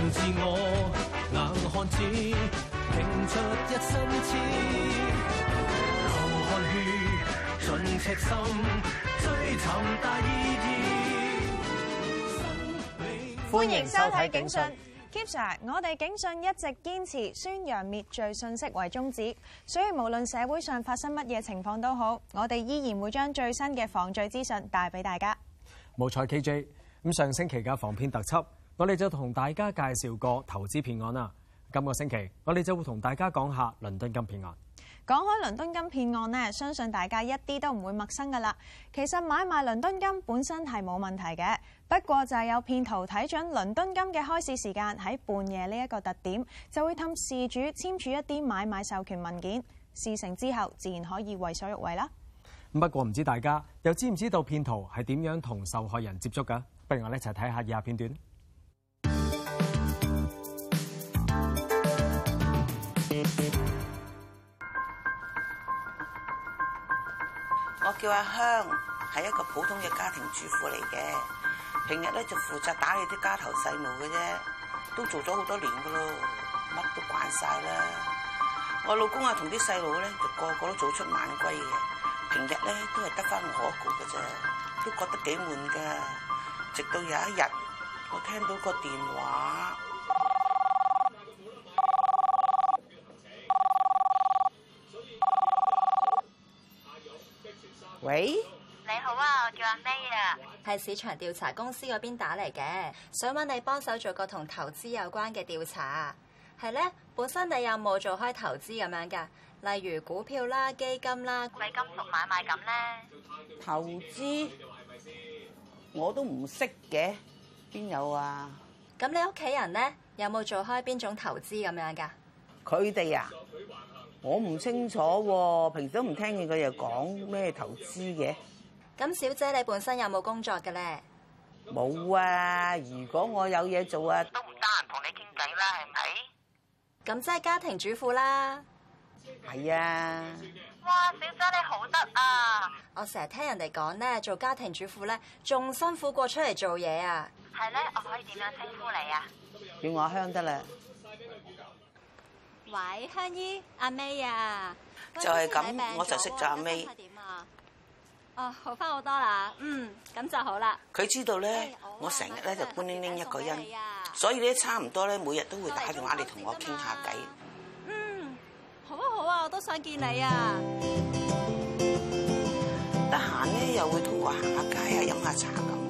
歡迎收睇警訊。K Sir，我哋警訊一直堅持宣揚滅罪信息為宗旨，所以無論社會上發生乜嘢情況都好，我哋依然會將最新嘅防罪資訊帶俾大家。冇錯 K J，咁上星期嘅防騙特輯。我哋就同大家介紹個投資騙案啦。今個星期我哋就會同大家講下倫敦金騙案。講開倫敦金騙案呢，相信大家一啲都唔會陌生噶啦。其實買賣倫敦金本身係冇問題嘅，不過就係有騙徒睇準倫敦金嘅開市時間喺半夜呢一個特點，就會氹事主簽署一啲買賣授權文件。事成之後，自然可以為所欲為啦。不過唔知大家又知唔知道騙徒係點樣同受害人接觸噶？不如我哋一齊睇下以下片段。我叫阿香，係一個普通嘅家庭主婦嚟嘅。平日咧就負責打理啲家頭細路嘅啫，都做咗好多年噶咯，乜都慣晒啦。我老公啊同啲細路咧，就個個都早出晚歸嘅，平日咧都係得翻我一個嘅啫，都覺得幾悶噶。直到有一日，我聽到個電話。喂，你好啊，我叫阿 May 啊，係市場調查公司嗰邊打嚟嘅，想揾你幫手做個同投資有關嘅調查啊。係咧，本身你有冇做開投資咁樣噶？例如股票啦、基金啦、貴金屬買賣咁咧。投資？我都唔識嘅，邊有啊？咁你屋企人咧，有冇做開邊種投資咁樣噶？佢哋啊。我唔清楚喎，平時都唔聽見佢又講咩投資嘅。咁小姐你本身有冇工作嘅咧？冇啊！如果我有嘢做啊，都唔得閒同你傾偈啦，係咪？咁即係家庭主婦啦。係啊。哇，小姐你好得啊！我成日聽人哋講咧，做家庭主婦咧仲辛苦過出嚟做嘢啊。係咧，我可以點樣稱呼你啊？叫我阿香得啦。喂，香姨，阿 May 啊，就係咁，我就識咗阿 May。最近身體點啊？哦，好翻好多啦，嗯，咁就好啦。佢知道咧、哎，我成日咧就孤零零一個人，啊嗯、所以咧差唔多咧每日都會打電話嚟同我傾下偈。嗯，好啊好啊，我都想見你啊。得閒咧又會同我行下街啊，飲下茶咁。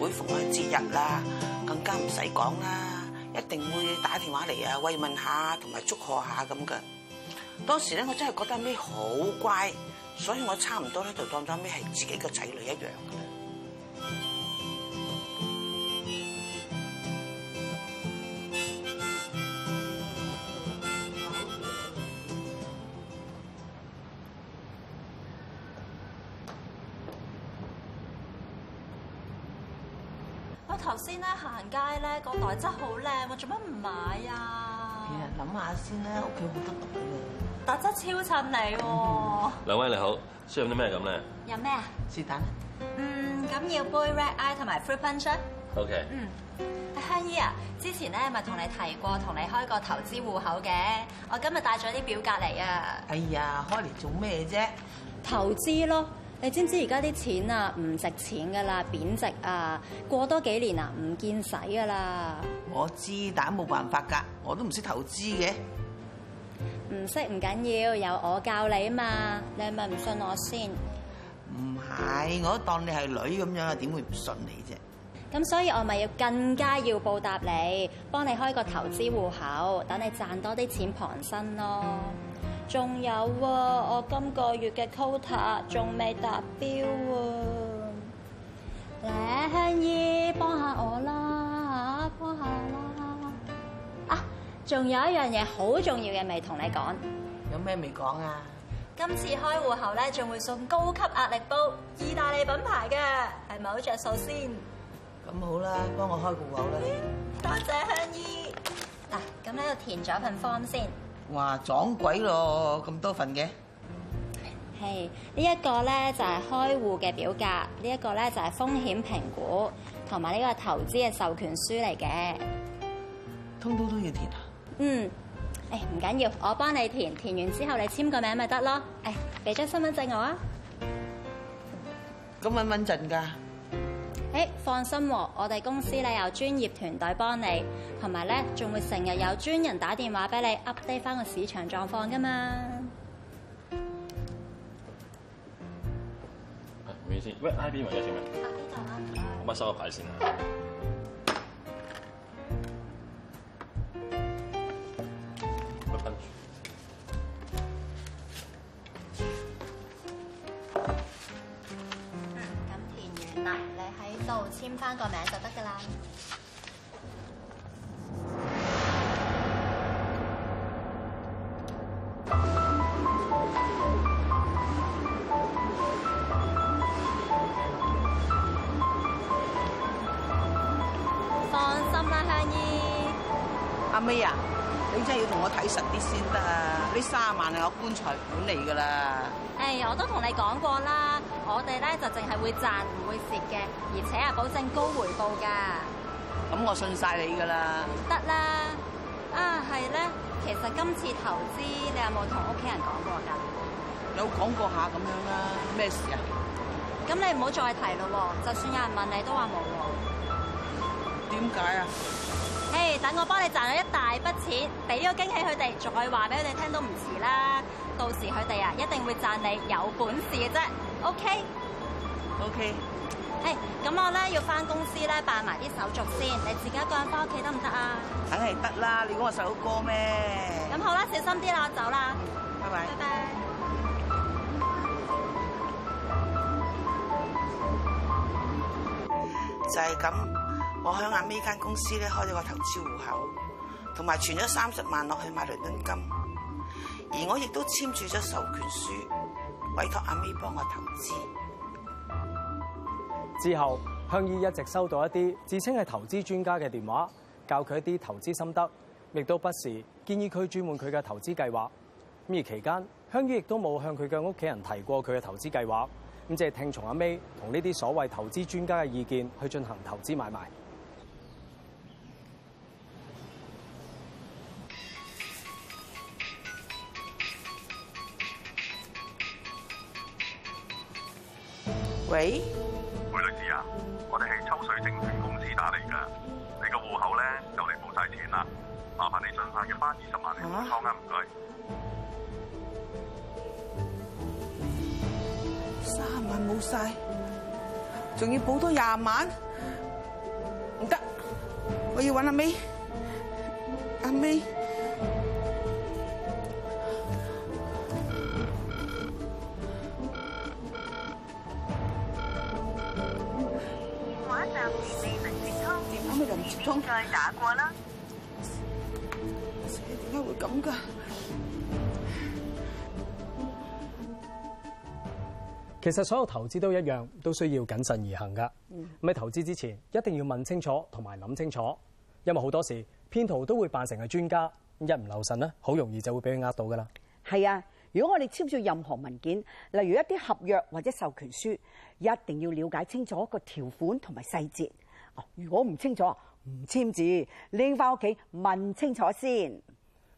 每逢係節日啦，更加唔使講啦。一定會打電話嚟啊，慰問下同埋祝賀下咁嘅。當時咧，我真係覺得阿咩好乖，所以我差唔多咧就當咗阿咩係自己嘅仔女一樣。頭先咧行街咧，個袋質好靚，我做乜唔買啊？誒，諗下先咧，屋企好多袋咧，質超襯你喎。兩位你好，需要啲咩咁咧？有咩啊？是但啊。嗯，咁要杯 Red Eye 同埋 Fruit Punch？OK。的嗯，香姨啊，之前咧咪同你提過，同你開個投資戶口嘅，我今日帶咗啲表格嚟啊。哎呀，開嚟做咩啫？投資咯。你知唔知而家啲錢啊唔值錢噶啦，貶值啊，過多幾年啊唔見使噶啦。我知，但冇辦法㗎，我都唔識投資嘅。唔識唔緊要，有我教你啊嘛，你係咪唔信我先？唔係，我當你係女咁樣啊，點會唔信你啫？咁所以我咪要更加要報答你，幫你開個投資戶口，等你多賺多啲錢傍身咯。仲有喎，我今個月嘅 quota 仲未達標喎，嚟香姨幫下我啦吓，幫下啦！啊，仲有一樣嘢好重要嘅未同你講，有咩未講啊？今次開戶後咧，仲會送高級壓力煲，意大利品牌嘅，係咪好着數先？咁好啦，幫我開戶口啦，多謝香姨。嗱，咁喺度填咗份 form 先。哇撞鬼咯！咁多份嘅，係呢一個咧就係開戶嘅表格，呢一個咧就係風險評估同埋呢個投資嘅授權書嚟嘅。通通都要填啊！嗯，誒唔緊要，我幫你填，填完之後你簽個名咪得咯。誒，俾張身份證我啊。咁穩穩陣㗎？誒，放心喎，我哋公司咧有專業團隊幫你，同埋咧仲會成日有專人打電話俾你 update 翻個市場狀況噶嘛。誒，唔喂，ID 嘅先咩？喺邊度啊？我幫收個牌先啊。 簽翻個名就得噶啦。放心啦，香姨。阿妹啊，你真係要同我睇實啲先得啊！呢三啊萬係我的棺材本嚟噶啦。哎，我都同你講過啦。我哋咧，就淨係會賺唔會蝕嘅，而且啊，保證高回報噶。咁我信晒你噶啦。得啦，啊係咧。其實今次投資你有冇同屋企人講過噶？你有講過一下咁樣啦。咩事啊？咁你唔好再提咯。就算有人問你都話冇。點解啊？誒，hey, 等我幫你賺咗一大筆錢，俾咗個驚喜佢哋，再話俾佢哋聽都唔遲啦。到時佢哋啊，一定會讚你有本事嘅啫。O K，O K，哎，咁 Okay. Okay.、hey, 我咧要翻公司咧辦埋啲手續先，你自己一個人翻屋企得唔得啊？梗係得啦，你估我細佬哥咩？咁好啦，小心啲啦，我走啦，拜拜，拜拜。就係咁，我喺阿美呢間公司咧開咗個投資戶口，同埋存咗三十萬落去買倫敦金，而我亦都簽署咗授權書。委託阿美幫我投資。之後，向姨一直收到一啲自稱係投資專家嘅電話，教佢一啲投資心得，亦都不時建議佢轉換佢嘅投資計劃。咁而期間，向姨亦都冇向佢嘅屋企人提過佢嘅投資計劃，咁即係聽從阿美同呢啲所謂投資專家嘅意見去進行投資買賣。喂，梅女士啊，我哋係抽水證券公司打嚟噶，你個戶口咧就嚟冇晒錢啦，麻煩你盡快嘅翻二十萬嚟補倉啊，唔該。三十萬冇晒，仲要補多廿萬，唔得，我要搵阿 May，阿 May。電話都連唔接通，再打過啦。點解會咁噶？其實所有投資都一樣，都需要謹慎而行噶。咁喺投資之前一定要問清楚，同埋諗清楚，因為好多時騙徒都會扮成係專家，一唔留神咧，好容易就會俾佢呃到噶啦。係啊。如果我哋簽署任何文件，例如一啲合約或者授權書，一定要了解清楚個條款同埋細節。如果唔清楚，唔簽字，拎翻屋企問清楚先。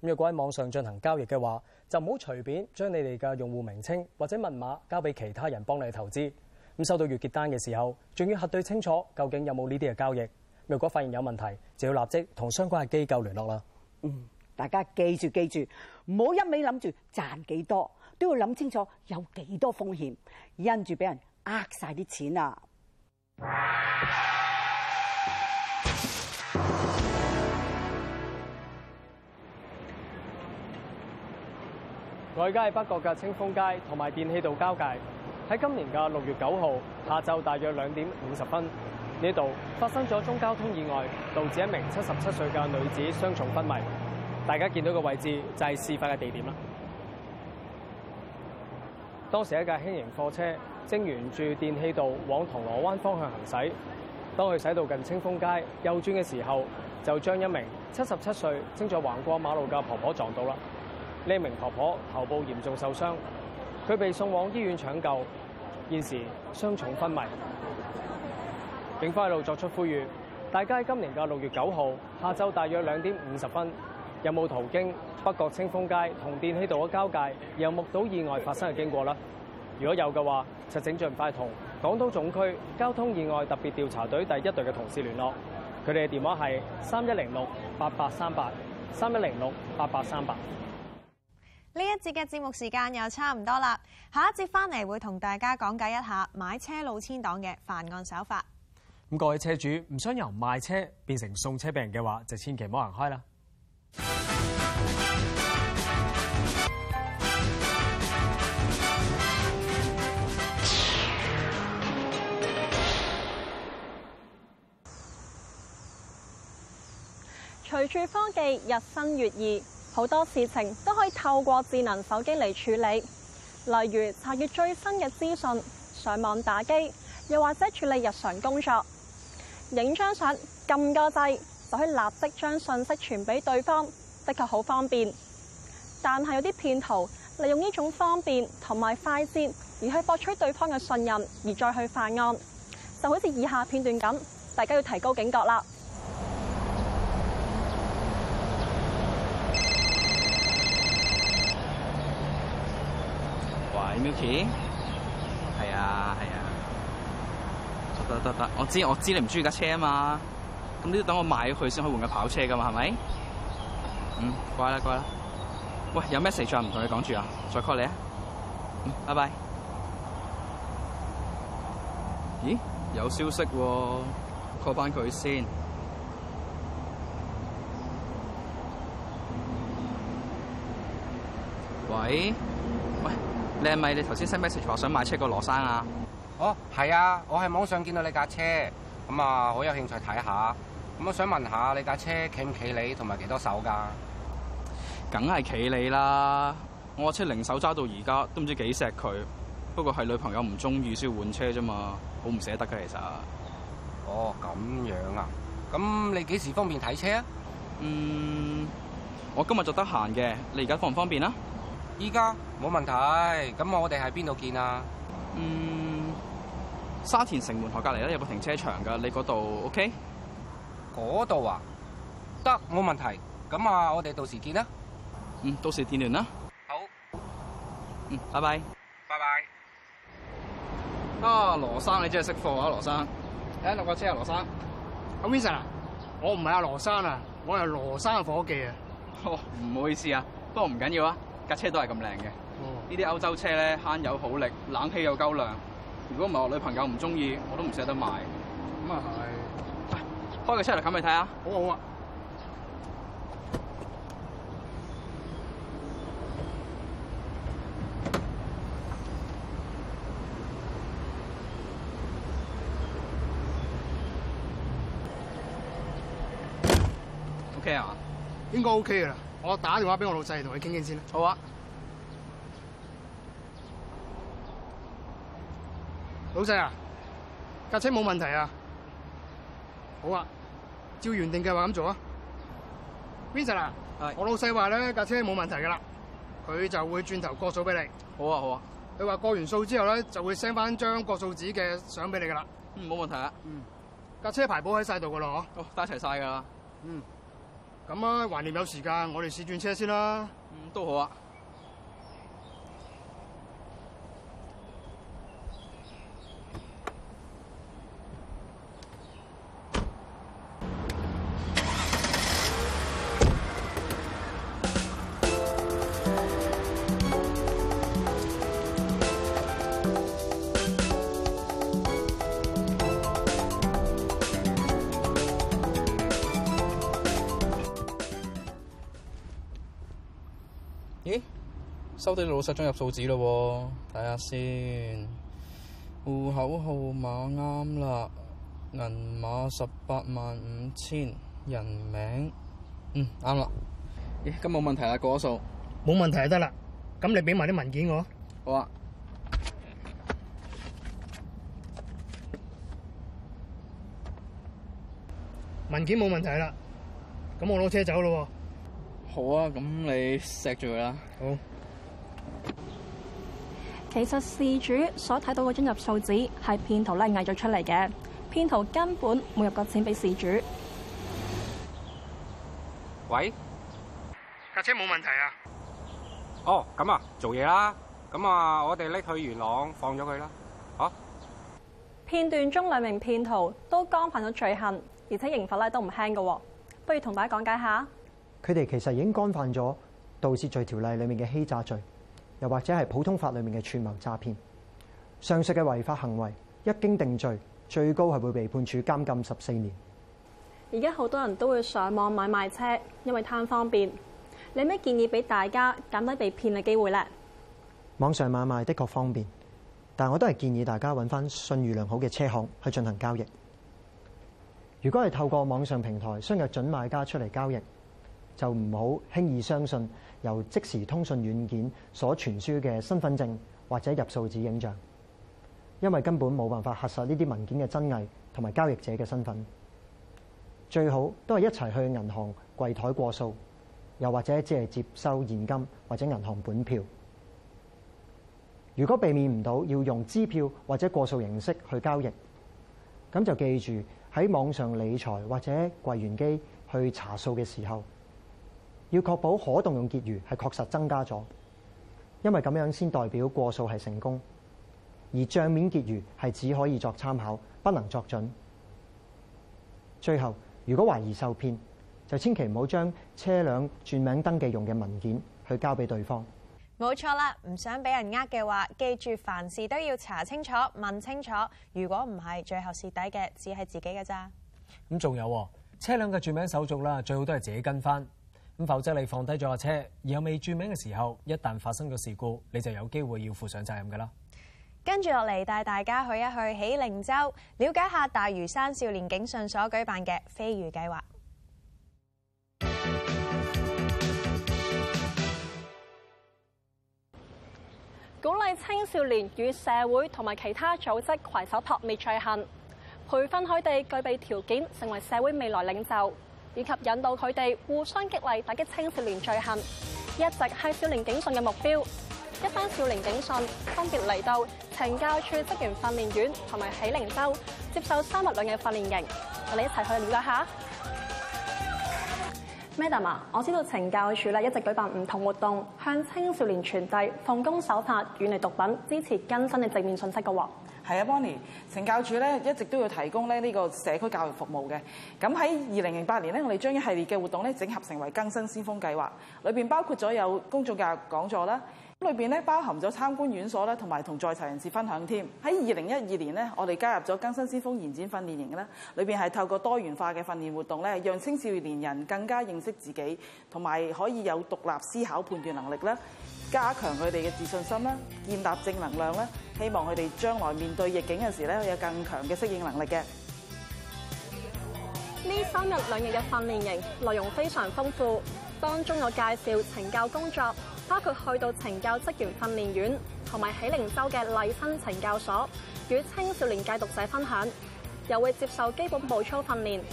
若果喺網上進行交易嘅話，就唔好隨便將你哋嘅用戶名稱或者密碼交俾其他人幫你投資。咁收到月結單嘅時候，仲要核對清楚究竟有冇呢啲嘅交易。若果發現有問題，就要立即同相關嘅機構聯絡啦。嗯。大家記住記住，唔好一味諗住賺幾多，都要諗清楚有幾多風險，因住俾人呃曬啲錢啊！我依家喺北角嘅清風街同埋電氣道交界，喺今年嘅六月九號下晝大約兩點五十分，呢度發生咗宗交通意外，導致一名七十七歲嘅女子傷重昏迷。大家見到嘅位置就係事發嘅地點啦。當時一架輕型貨車正沿住電氣道往銅鑼灣方向行駛，當佢駛到近清風街右轉嘅時候，就將一名七十七歲正在橫過馬路嘅婆婆撞到啦。呢名婆婆頭部嚴重受傷，佢被送往醫院搶救，現時傷重昏迷。警方一路作出呼籲，大家喺今年嘅六月九號下晝大約兩點五十分。有冇途經北角清風街同電器道嘅交界，又目睹意外發生嘅經過啦？如果有嘅話，就請盡快同港島總區交通意外特別調查隊第一隊嘅同事聯絡，佢哋嘅電話係三一零六八八三八三一零六八八三八。呢一節嘅節目時間又差唔多啦，下一節翻嚟會同大家講解一下買車老千黨嘅犯案手法。咁各位車主唔想由賣車變成送車病人嘅話，就千祈唔好行開啦。隨住科技日新月異，好多事情都可以透過智能手機嚟處理，例如查閱最新嘅資訊、上網打機，又或者處理日常工作。影張相、撳個掣。可以立即將信息傳俾對方，的確好方便。但係有啲騙徒利用呢種方便同埋快捷，而去博取對方嘅信任，而再去犯案，就好似以下片段咁，大家要提高警覺啦。喂，Micky？係啊，係啊。得得得，我知我知，你唔中意架車啊嘛。咁都要等我買咗佢先可以換架跑車噶嘛，係咪？嗯，乖啦乖啦。喂，有咩事再唔同你講住啊，再 call 你啊。嗯，拜拜。咦，有消息喎？call 翻佢先。喂喂，你係咪你頭先 send message 話想買車個羅生啊？哦，係啊，我喺網上見到你架車，咁啊好有興趣睇下。咁我想問下你架車企唔企你和，同埋幾多手噶？梗係企你啦！我車零手揸到而家都唔知幾錫佢，不過係女朋友唔中意先換車啫嘛，好唔捨得噶其實。哦，咁樣啊？咁你幾時方便睇車啊？嗯，我今日就得閒嘅，你而家方唔方便啊？依家冇問題，咁我哋喺邊度見啊？嗯，沙田城門河隔籬咧有個停車場噶，你嗰度 OK？嗰度啊，得冇問題，咁啊，我哋到時見啦，嗯，到時電聯啦，好，嗯，拜拜，拜拜，啊，羅生你真係識貨啊，羅生，睇下落個車啊，羅生，阿 Vincent 我唔係阿羅生啊，我係羅生嘅伙計啊，哦，唔好意思啊，不過唔緊要啊，架車都係咁靚嘅，呢啲歐洲車咧慳油好力，冷氣又夠涼，如果唔係我女朋友唔中意，我都唔捨得賣，咁啊係。開個車嚟冚埋睇下，好啊好啊。O K 啊，應該 O K 噶啦。我打電話俾我老細，同佢傾傾先啦。好啊。老細啊，架車冇問題啊。好啊。照原定計劃咁做啊，Vincent 啊，我老細話咧架車冇問題噶啦，佢就會轉頭過數俾你。好啊好啊，你話過完數之後咧就會 send 翻張過數紙嘅相俾你噶啦。嗯，冇問題啊，嗯，架車牌簿喺曬度噶啦。哦，帶齊晒噶啦。嗯，咁啊，橫掂有時間，我哋試轉車先啦。嗯，都好啊。咦、欸，收到老細裝入數紙咯喎，睇下先，戶口號碼啱喇，銀碼十八萬五千，人名，嗯，啱喇。咦、欸，咁冇問題啦，過咗數，冇，問題就得啦，咁你畀埋啲文件我，好啊，文件冇問題啦，咁我攞車走咯喎。好啊，咁你錫住佢啦。好。其實事主所睇到嗰張入數紙係騙徒咧偽造出嚟嘅，騙徒根本冇入過錢俾事主。喂，架車冇問題啊。哦，咁啊，做嘢啦。咁啊，我哋拎去元朗放咗佢啦。嚇、啊。片段中兩名騙徒都剛犯咗罪行，而且刑罰咧都唔輕嘅。不如同大家講解一下。佢哋其實已經干犯咗《盜竊罪條例》裏面嘅欺詐罪，又或者係普通法裏面嘅串謀詐騙。上述嘅違法行為一經定罪，最高係會被判處監禁十四年。而家好多人都會上網買賣車，因為貪方便。你有咩建議俾大家減低被騙嘅機會呢？網上買賣的確方便，但我都係建議大家揾返信譽良好嘅車行去進行交易。如果係透過網上平台相約準買家出嚟交易。就唔好輕易相信由即時通訊軟件所傳輸嘅身份證或者入數紙影像，因為根本冇辦法核實呢啲文件嘅真偽同埋交易者嘅身份。最好都係一齊去銀行櫃台過數，又或者只係接收現金或者銀行本票。如果避免唔到要用支票或者過數形式去交易，咁就記住喺網上理財或者櫃員機去查數嘅時候。要確保可動用結餘係確實增加咗，因為咁樣先代表過數係成功。而帳面結餘係只可以作參考，不能作準。最後，如果懷疑受騙，就千祈唔好將車輛轉名登記用嘅文件去交俾對方。冇錯啦，唔想俾人呃嘅話，記住凡事都要查清楚、問清楚。如果唔係，最後蝕底嘅只係自己㗎咋。咁仲有車輛嘅轉名手續啦，最好都係自己跟翻。咁否則你放低咗架車，而又未註名嘅時候，一旦發生個事故，你就有機會要負上責任嘅啦。跟住落嚟，帶大家去一去喜靈洲，了解一下大嶼山少年警訊所舉辦嘅飛魚計劃，鼓勵青少年與社會同埋其他組織攜手撲滅罪行，培訓佢哋具備條件，成為社會未來領袖，以及引導佢哋互相激勵，打擊青少年罪行，一直係少年警訊嘅目標。一班少年警訊分別嚟到懲教處職員訓練院同埋喜靈洲，接受三日兩夜訓練營，我哋一齊去了解一下。Madam 呀？我知道懲教處咧一直舉辦唔同活動，向青少年傳遞奉公守法、遠離毒品、支持更新嘅正面信息嘅喎。係啊，Bonnie，懲教署咧一直都要提供咧呢個社區教育服務嘅。咁喺二零零八年咧，我哋將一系列嘅活動咧整合成為更新先鋒計劃，裏邊包括咗有公眾教育講座啦。裏面咧包含咗參觀院所咧，同埋同在場人士分享添。喺二零一二年咧，我哋加入咗更新先鋒延展訓練營咧，裏邊係透過多元化嘅訓練活動咧，讓青少年人更加認識自己，同埋可以有獨立思考判斷能力啦，加強佢哋嘅自信心啦，建立正能量啦，希望佢哋將來面對逆境嘅時咧，有更強嘅適應能力嘅。呢三日兩夜嘅訓練營內容非常豐富，當中有介紹懲教工作。包括去到懲教職員訓練院，同埋喜靈洲嘅勵新懲教所，與青少年戒毒者分享，又會接受基本步操訓練。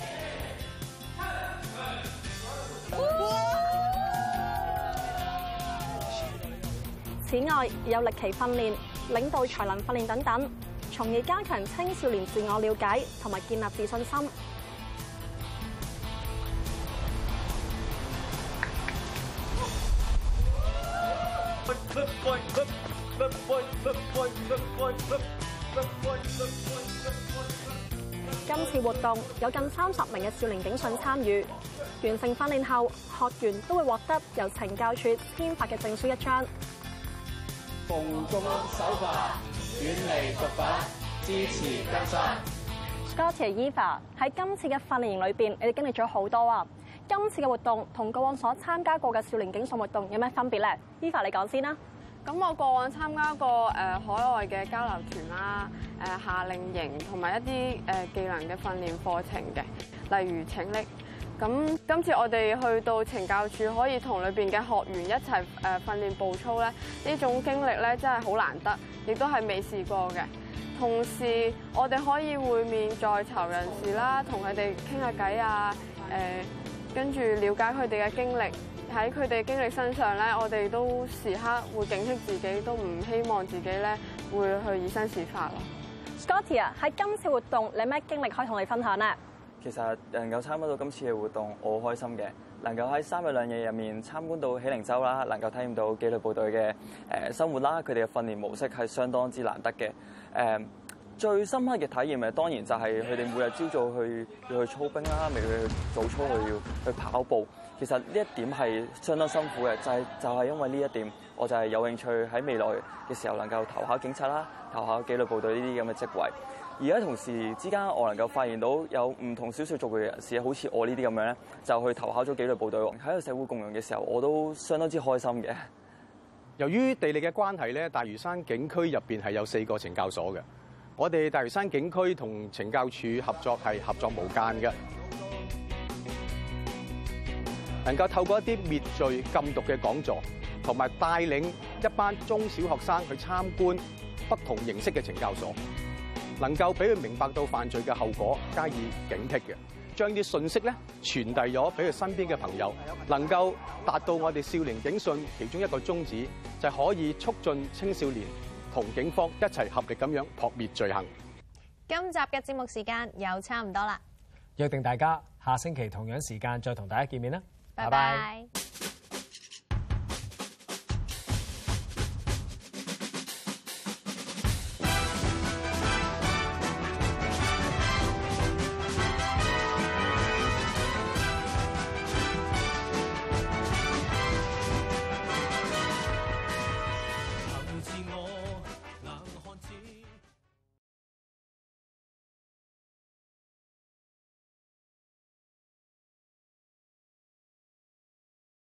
此外，有歷奇訓練、領導才能訓練等等，從而加強青少年自我了解同埋建立自信心。今次活動有近三十名嘅少年警訊參與，完成訓練後學員都會獲得由懲教處編發嘅證書一張。奉公守法，遠離毒品，支持更生。Scott 同 Eva，喺今次嘅訓練營裏邊，你哋經歷咗好多啊！今次嘅活動同過往所參加過嘅少年警訊活動有咩分別咧？Eva，你講先啦。咁我過往參加過誒海外嘅交流團啦、誒夏令營同埋一啲誒技能嘅訓練課程嘅，例如請力。咁今次我哋去到懲教署，可以同裏邊嘅學員一齊誒訓練步操咧，呢種經歷咧真係好難得，亦都係未試過嘅。同時，我哋可以會面在囚人士啦，同佢哋傾下偈啊，誒的跟住了解佢哋嘅經歷。喺佢哋經歷身上咧，我哋都時刻會警惕自己，都唔希望自己咧會去以身試法咯。Scotty 啊，喺今次活動你咩經歷可以同你分享咧？其實能夠參加到今次嘅活動，我好開心嘅。能夠喺三日兩夜入面參觀到喜靈洲啦，能夠體驗到紀律部隊嘅誒生活啦，佢哋嘅訓練模式係相當之難得嘅。誒、嗯、最深刻嘅體驗誒，當然就係佢哋每日朝早去要去操兵啦，每日去早操去要去跑步。其實呢一點係相當辛苦嘅，就係、是、就係、是、因為呢一點，我就係有興趣喺未來嘅時候能夠投考警察啦，投考紀律部隊呢啲咁嘅職位。而喺同時之間，我能夠發現到有唔同少數族裔嘅人士，好似我呢啲咁樣咧，就去投考咗紀律部隊喎。喺個社會共融嘅時候，我都相當之開心嘅。由於地理嘅關係咧，大嶼山警區入邊係有四個懲教所嘅。我哋大嶼山警區同懲教署合作係合作無間嘅。能夠透過一啲滅罪禁毒嘅講座，同埋帶領一班中小學生去參觀不同形式嘅懲教所，能夠俾佢明白到犯罪嘅後果，加以警惕嘅，將啲信息咧傳遞咗俾佢身邊嘅朋友，能夠達到我哋少年警訊其中一個宗旨，就可以促進青少年同警方一齊合力咁樣撲滅罪行。今集嘅節目時間又差唔多啦，約定大家下星期同樣時間再同大家見面啦。拜拜。